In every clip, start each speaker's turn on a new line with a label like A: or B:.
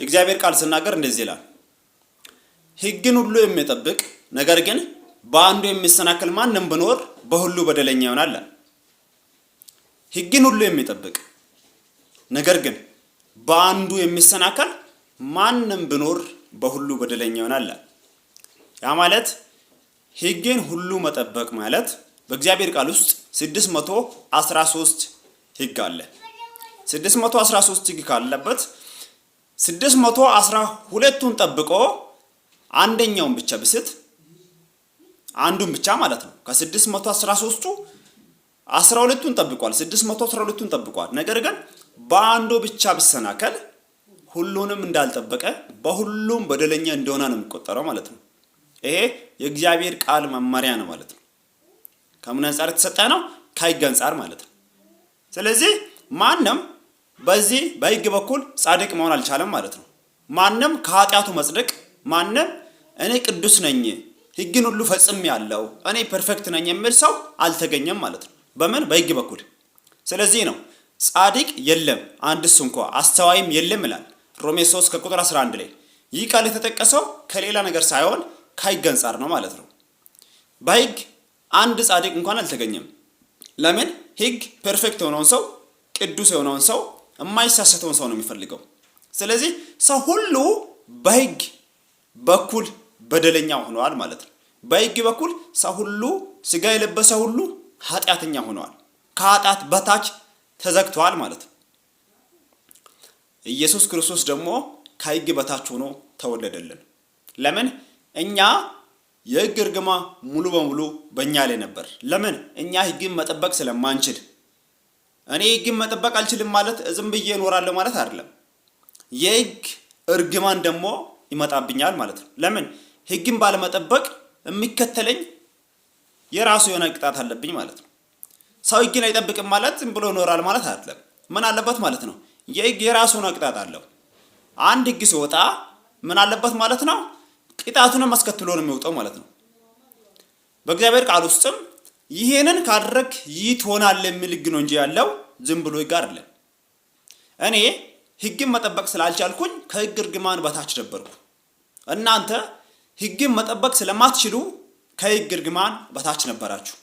A: የእግዚአብሔር ቃል ስናገር እንደዚህ ይላል፣ ህግን ሁሉ የሚጠብቅ ነገር ግን በአንዱ የሚሰናከል ማንም ብኖር በሁሉ በደለኛ ይሆናል። ህግን ሁሉ የሚጠብቅ ነገር ግን በአንዱ የሚሰናከል ማንም ብኖር በሁሉ በደለኛ ይሆናል። ያ ማለት ህግን ሁሉ መጠበቅ ማለት በእግዚአብሔር ቃል ውስጥ 613 ህግ አለ። 613 ህግ ካለበት ስድስት መቶ አስራ ሁለቱን ጠብቆ አንደኛውን ብቻ ብስት አንዱን ብቻ ማለት ነው። ከስድስት መቶ አስራ ሶስቱ አስራ ሁለቱን ጠብቋል። ስድስት መቶ አስራ ሁለቱን ጠብቋል። ነገር ግን በአንዱ ብቻ ብሰናከል ሁሉንም እንዳልጠበቀ በሁሉም በደለኛ እንደሆነ ነው የሚቆጠረው ማለት ነው። ይሄ የእግዚአብሔር ቃል መመሪያ ነው ማለት ነው። ከምን አንጻር የተሰጠ ነው? ከሕግ አንጻር ማለት ነው። ስለዚህ ማንም በዚህ በህግ በኩል ጻድቅ መሆን አልቻለም ማለት ነው። ማንም ከኃጢአቱ መጽደቅ ማንም እኔ ቅዱስ ነኝ ህግን ሁሉ ፈጽም ያለው እኔ ፐርፌክት ነኝ የሚል ሰው አልተገኘም ማለት ነው። በምን በህግ በኩል ስለዚህ ነው ጻድቅ የለም አንድስ እንኳ አስተዋይም የለም ይላል ሮሜ 3 ከቁጥር 11 ላይ። ይህ ቃል የተጠቀሰው ከሌላ ነገር ሳይሆን ከሕግ አንጻር ነው ማለት ነው። በህግ አንድ ጻድቅ እንኳን አልተገኘም። ለምን ህግ ፐርፌክት የሆነውን ሰው ቅዱስ የሆነውን ሰው የማይሳሰተውን ሰው ነው የሚፈልገው። ስለዚህ ሰው ሁሉ በህግ በኩል በደለኛ ሆነዋል ማለት ነው። በህግ በኩል ሰው ሁሉ ስጋ የለበሰ ሁሉ ኃጢአተኛ ሆነዋል። ከኃጢአት በታች ተዘግተዋል ማለት ነው። ኢየሱስ ክርስቶስ ደግሞ ከህግ በታች ሆኖ ተወለደልን። ለምን? እኛ የህግ እርግማ ሙሉ በሙሉ በእኛ ላይ ነበር። ለምን? እኛ ህግን መጠበቅ ስለማንችል እኔ ህግን መጠበቅ አልችልም ማለት ዝም ብዬ እኖራለሁ ማለት አይደለም። የህግ እርግማን ደግሞ ይመጣብኛል ማለት ነው። ለምን ህግን ባለመጠበቅ የሚከተለኝ የራሱ የሆነ ቅጣት አለብኝ ማለት ነው። ሰው ህግን አይጠብቅም ማለት ዝም ብሎ ይኖራል ማለት አይደለም። ምን አለበት ማለት ነው። የህግ የራሱ የሆነ ቅጣት አለው። አንድ ህግ ሲወጣ ምን አለበት ማለት ነው። ቅጣቱንም አስከትሎ ነው የሚወጣው ማለት ነው። በእግዚአብሔር ቃል ውስጥም ይሄንን ካደረግ ይህ ትሆናለህ የሚል ህግ ነው እንጂ ያለው ዝም ብሎ ህግ አይደለም። እኔ ህግን መጠበቅ ስላልቻልኩኝ ከህግ እርግማን በታች ነበርኩ። እናንተ ህግን መጠበቅ ስለማትችሉ ከህግ እርግማን በታች ነበራችሁ።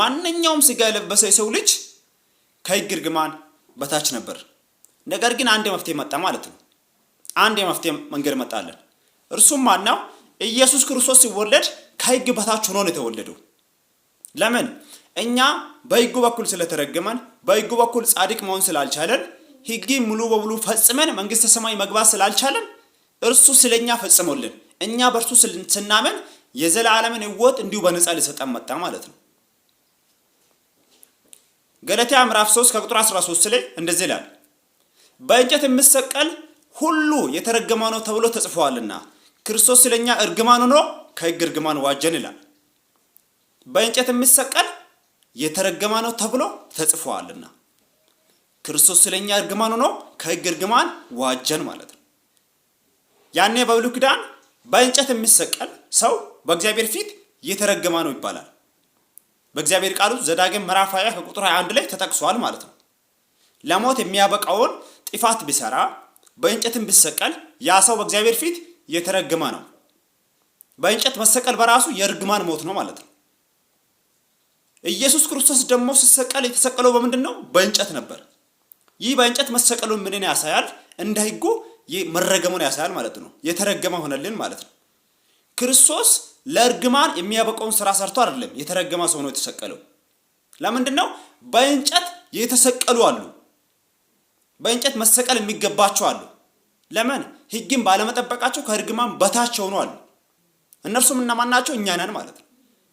A: ማንኛውም ስጋ የለበሰ የሰው ልጅ ከህግ እርግማን በታች ነበር። ነገር ግን አንድ መፍትሄ መጣ ማለት ነው። አንድ የመፍትሄ መንገድ መጣለን። እርሱም ማናው ኢየሱስ ክርስቶስ ሲወለድ ከህግ በታች ሆኖ ነው የተወለደው። ለምን እኛ በህጉ በኩል ስለተረገመን በህጉ በኩል ጻድቅ መሆን ስላልቻለን ህግ ሙሉ በሙሉ ፈጽመን መንግስተ ሰማይ መግባት ስላልቻለን እርሱ ስለኛ ፈጽሞልን እኛ በእርሱ ስናምን የዘላለምን ህይወት እንዲሁ በነፃ ሊሰጠን መጣ ማለት ነው። ገለትያ ምዕራፍ 3 ከቁጥር 13 ላይ እንደዚህ ይላል፣ በእንጨት የምሰቀል ሁሉ የተረገመ ነው ተብሎ ተጽፏልና ክርስቶስ ስለኛ እርግማን ሆኖ ከሕግ እርግማን ዋጀን ይላል። በእንጨት የሚሰቀል የተረገመ ነው ተብሎ ተጽፏልና ክርስቶስ ስለኛ እርግማን ሆኖ ከሕግ እርግማን ዋጀን ማለት ነው። ያኔ በብሉይ ኪዳን በእንጨት የሚሰቀል ሰው በእግዚአብሔር ፊት የተረገመ ነው ይባላል። በእግዚአብሔር ቃሉ ዘዳግም ምዕራፍ 20 ከቁጥር 21 ላይ ተጠቅሷል ማለት ነው። ለሞት የሚያበቃውን ጥፋት ቢሰራ በእንጨትም ቢሰቀል ያ ሰው በእግዚአብሔር ፊት የተረገመ ነው። በእንጨት መሰቀል በራሱ የእርግማን ሞት ነው ማለት ነው። ኢየሱስ ክርስቶስ ደግሞ ሲሰቀል የተሰቀለው በምንድን ነው? በእንጨት ነበር። ይህ በእንጨት መሰቀሉን ምንን ያሳያል? እንደ ሕጉ መረገሙን ያሳያል ማለት ነው። የተረገመ ሆነልን ማለት ነው። ክርስቶስ ለእርግማን የሚያበቀውን ስራ ሰርቶ አይደለም የተረገመ ሰው ነው የተሰቀለው። ለምንድን ነው? በእንጨት የተሰቀሉ አሉ። በእንጨት መሰቀል የሚገባቸው አሉ። ለምን? ሕግን ባለመጠበቃቸው ከእርግማን በታች አሉ። እነርሱም እነማን ናቸው? እኛ ነን ማለት ነው።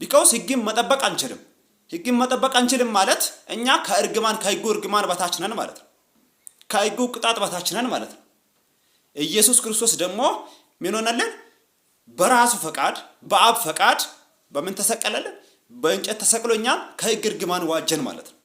A: ቢካውስ ህግን መጠበቅ አንችልም። ህግን መጠበቅ አንችልም ማለት እኛ ከእርግማን ከህጉ እርግማን በታች ነን ማለት ነው። ከህጉ ቅጣት በታች ነን ማለት ነው። ኢየሱስ ክርስቶስ ደግሞ ምን ሆነልን? በራሱ ፈቃድ በአብ ፈቃድ በምን ተሰቀለልን? በእንጨት ተሰቅሎ እኛን ከህግ እርግማን ዋጀን ማለት ነው።